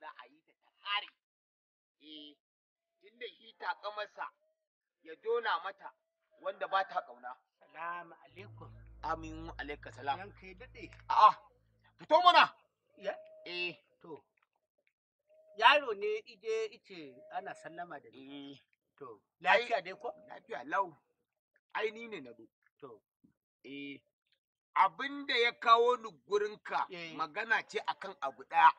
za a yi ta ta ƙare. Eh, tunda shi taƙa masa ya jona mata wanda ba ta ƙauna. Salamu alaikum. Amin alaikum salam. Yan kai daɗe. A'a, fito mana. Ya? Eh. To, yaro ne ije ice ana sallama da ni. Eh. To, lafiya dai ko? Lafiya lau. Ai ni ne na zo. To. Eh. Abin da ya kawo ni gurinka eh. magana ce akan abu ɗaya.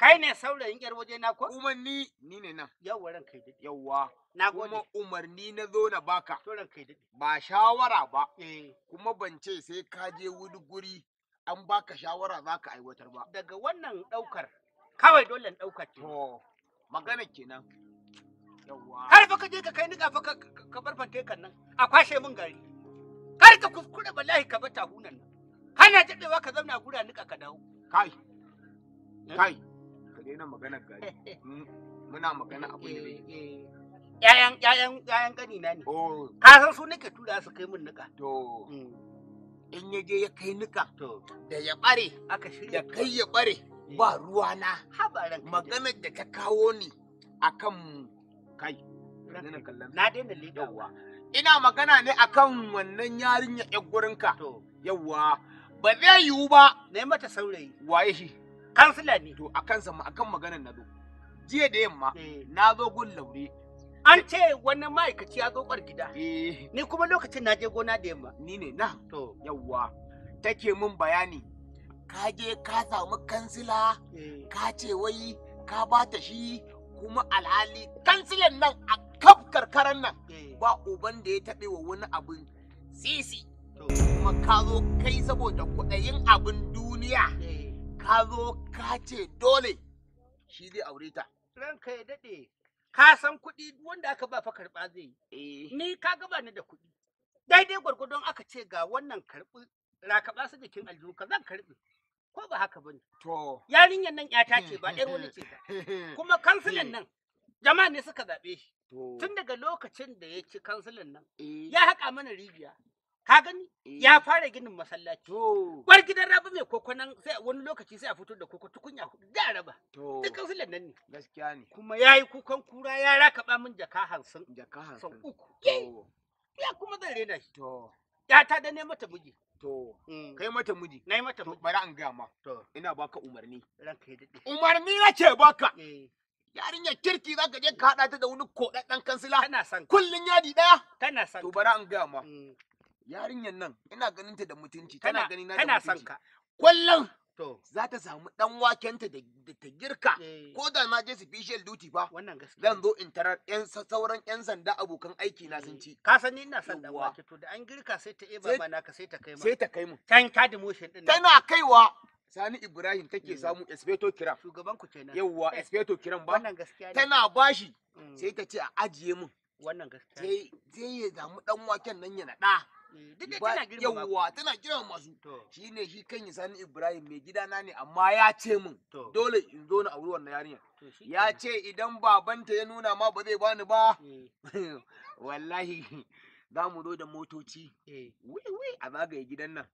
kai ne saurayin yar waje na ko umarni ni ne nan yawwa ran kai dade Yawwa. na kuma umarni na zo na baka to ran kai dade ba shawara ba eh. kuma ban ce sai ka je wani guri an baka shawara za ka aiwatar ba daga wannan daukar kawai dole in daukar to magana kenan Yawwa. har fa ka je ka kai niƙa fa ka barfante kan nan a kwashe min gari kar ka kuskure wallahi ka bata hunan nan kana jadewa ka zauna gura niƙa ka dawo kai Eh? kai ka daina magana gari muna magana abin da eh, eh. yayan yayan yayan kani na ne oh. ka san su nake tura su kai mun nika to mm. in ya je ya kai nika da ya bare aka shirya kai ya bare ba ruwa na Magana da ta kawo ni akan kai na daina leƙawa ina magana ne akan wannan yarinya yan gurinka yawwa ba zai yiwu ba na yi mata saurayi waye shi kansila ne to akan zama akan maganar na zo jiya da yamma eh. na zo gun laure an ce wani ma'aikaci ya zo gida eh. ni kuma lokacin na je gona da yamma ni ne na to yawwa take mun bayani ka je ka samu kansila eh. ka ce wai ka bata shi kuma alhali kansilan nan a kaf karkaran nan ba uban da ya taɓe wa wani abin sisi kuma ka zo kai saboda kuɗayin abin duniya kazo zo ka ce dole shi zai aure ta. Ranka ya daɗe, ka san kuɗi wanda aka ba fa karɓa zai yi. Eh. Ni ka gaba ni da kuɗi. Daidai gwargwadon aka ce ga wannan karɓi rakaɓa su jikin aljihu ka zan karɓi. Ko ba haka ba To. Yarinyar nan ƴata ce ba ɗan wani ce ta. Kuma kansilan eh. nan jama'a ne suka zaɓe shi. Tun daga lokacin da ya ci kansilan nan eh. ya haƙa mana rijiya. ka gani ya eh. fara ginin masallaci bar gidan raba mai kokonan sai wani lokaci sai a fito da koko tukunya hudu da raba duk kausilan nan ne gaskiya ne kuma yayi kukan kura ya ba min jaka hansun jaka hansun uku ya kuma zan rena shi to ya ta da ne mata miji to mm. kai mata miji nayi mata miji bari an ga ma to ina baka umarni ranka ya dade umarni nace baka eh. yarinya kirki za ka je ka hada ta da wani koɗaɗɗen kansila kana san kullun yadi daya kana san to bari an ga ma mm. Yarinyan nan ina ganin ta da mutunci tana gani na da mutunci. Tana son ka. Kullum za ta samu dan wakenta da ta girka eh. ko da na je special duty ba wannan gaskiya zan zo in tarar yan sauran yan sanda abokan aiki na sun eh. ci ka san ina son dan wake to da an girka sai ta eba ba naka sai ta kai mu sai ta kai mu tan ka motion din tana kaiwa Sani Ibrahim take eh. samu Espeto Kiram. Shugaban ku kenan. Yawwa Espeto Kiram ba. Wannan gaskiya Tana bashi mm. sai ta ce a ajiye mun. Wannan gaskiya. Sai sai ya samu dan waken nan ya naɗa. yawwa mm, tana girma masu shi ne shi kan sani ibrahim mai gidana ne amma ya ce min dole in zo na auri wannan yarinya ya ce idan babanta ya nuna ma ba zai bani ba eh. wallahi za mu zo da motoci eh. wai a zagaye gidan nan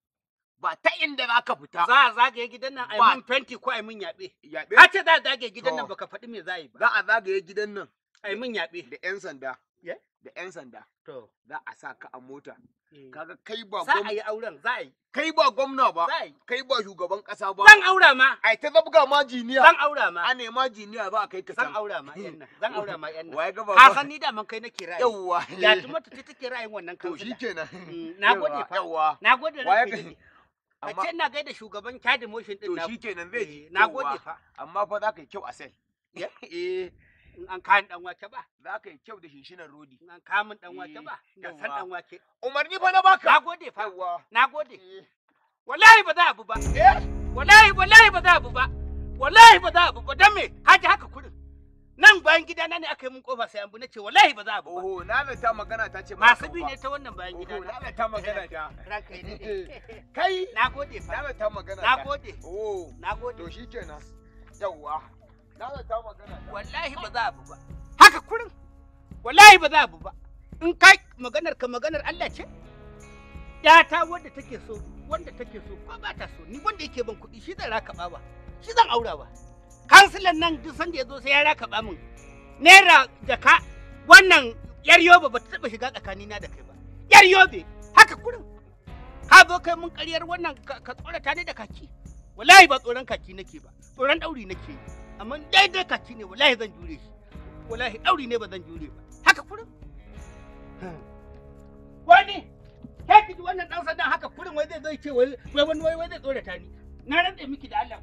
ba ta inda za ka fita. Za a zagaye gidan nan a yi min fenti ko a yi min yaɓe. Yaɓe? ce za a zagaye gidan nan ba ka faɗi me za a yi ba. Za a zagaye gidan nan. A yi min yaɓe. Da 'yan sanda. Eh? da 'yan sanda za a sa ka a mota eh. kaga kai ba za a yi auren za a yi kai ba gwamna ba kai ba shugaban kasa ba zan aura ma ai ta zabga ma jiniya zan aura ma a nema jiniya za a kai ka zan aura ma yan nan zan aura ma yan nan waye gaba ba. san ni da man kai nake ra'ayi yawa mm, ya tuma ta take rayin wannan kan to shikenan gode fa gode nagode waye a ce na gaida shugaban kadi motion din na to shikenan zai ji eh, gode fa amma fa za ka yi kyau a sai. eh in an kayan dan wake ba za ka yi kyau da shinshinan rodi in an kamun dan wake eh, ba ka san dan wake umarni fa na baka nagode fa nagode eh. wallahi ba za a bu ba eh? wallahi wallahi ba za a bu ba wallahi ba za a bu ba dan me haji haka kudin nan bayan gida na ne aka yi mun kofa sai an bu nace wallahi ba za a bu ba oho na ta magana ta ce masu bi ne ta wannan bayan gida na ta oh, magana ta ranka ne kai nagode fa na ta magana nagode oho nagode to shikenan yawwa na ta magana ta wallahi ba za a ba haka kurin wallahi ba za a bi ba in ka maganar ka maganar Allah ce ta wanda take so wanda take so ko ba ta so ni wanda yake ban kuɗi shi zan raka ba shi zan aura ba kansilan nan duk sanda ya zo sai ya raka ba min naira jaka wannan yar yobe ba ta taɓa shiga tsakanina da kai ba yar yobe haka kurin ka zo kai mun ƙaryar wannan ka tsorata ne da kaki wallahi ba tsoron kaki nake ba tsoron ɗauri nake yi amma daidai kaci ne wallahi zan jure shi wallahi ɗauri ne ba zan jure ba haka kurin wani ke ji wannan ɗan sandan haka kurin wai zai zo ce wai wani wai zai tsorata ni na rantsa miki da Allah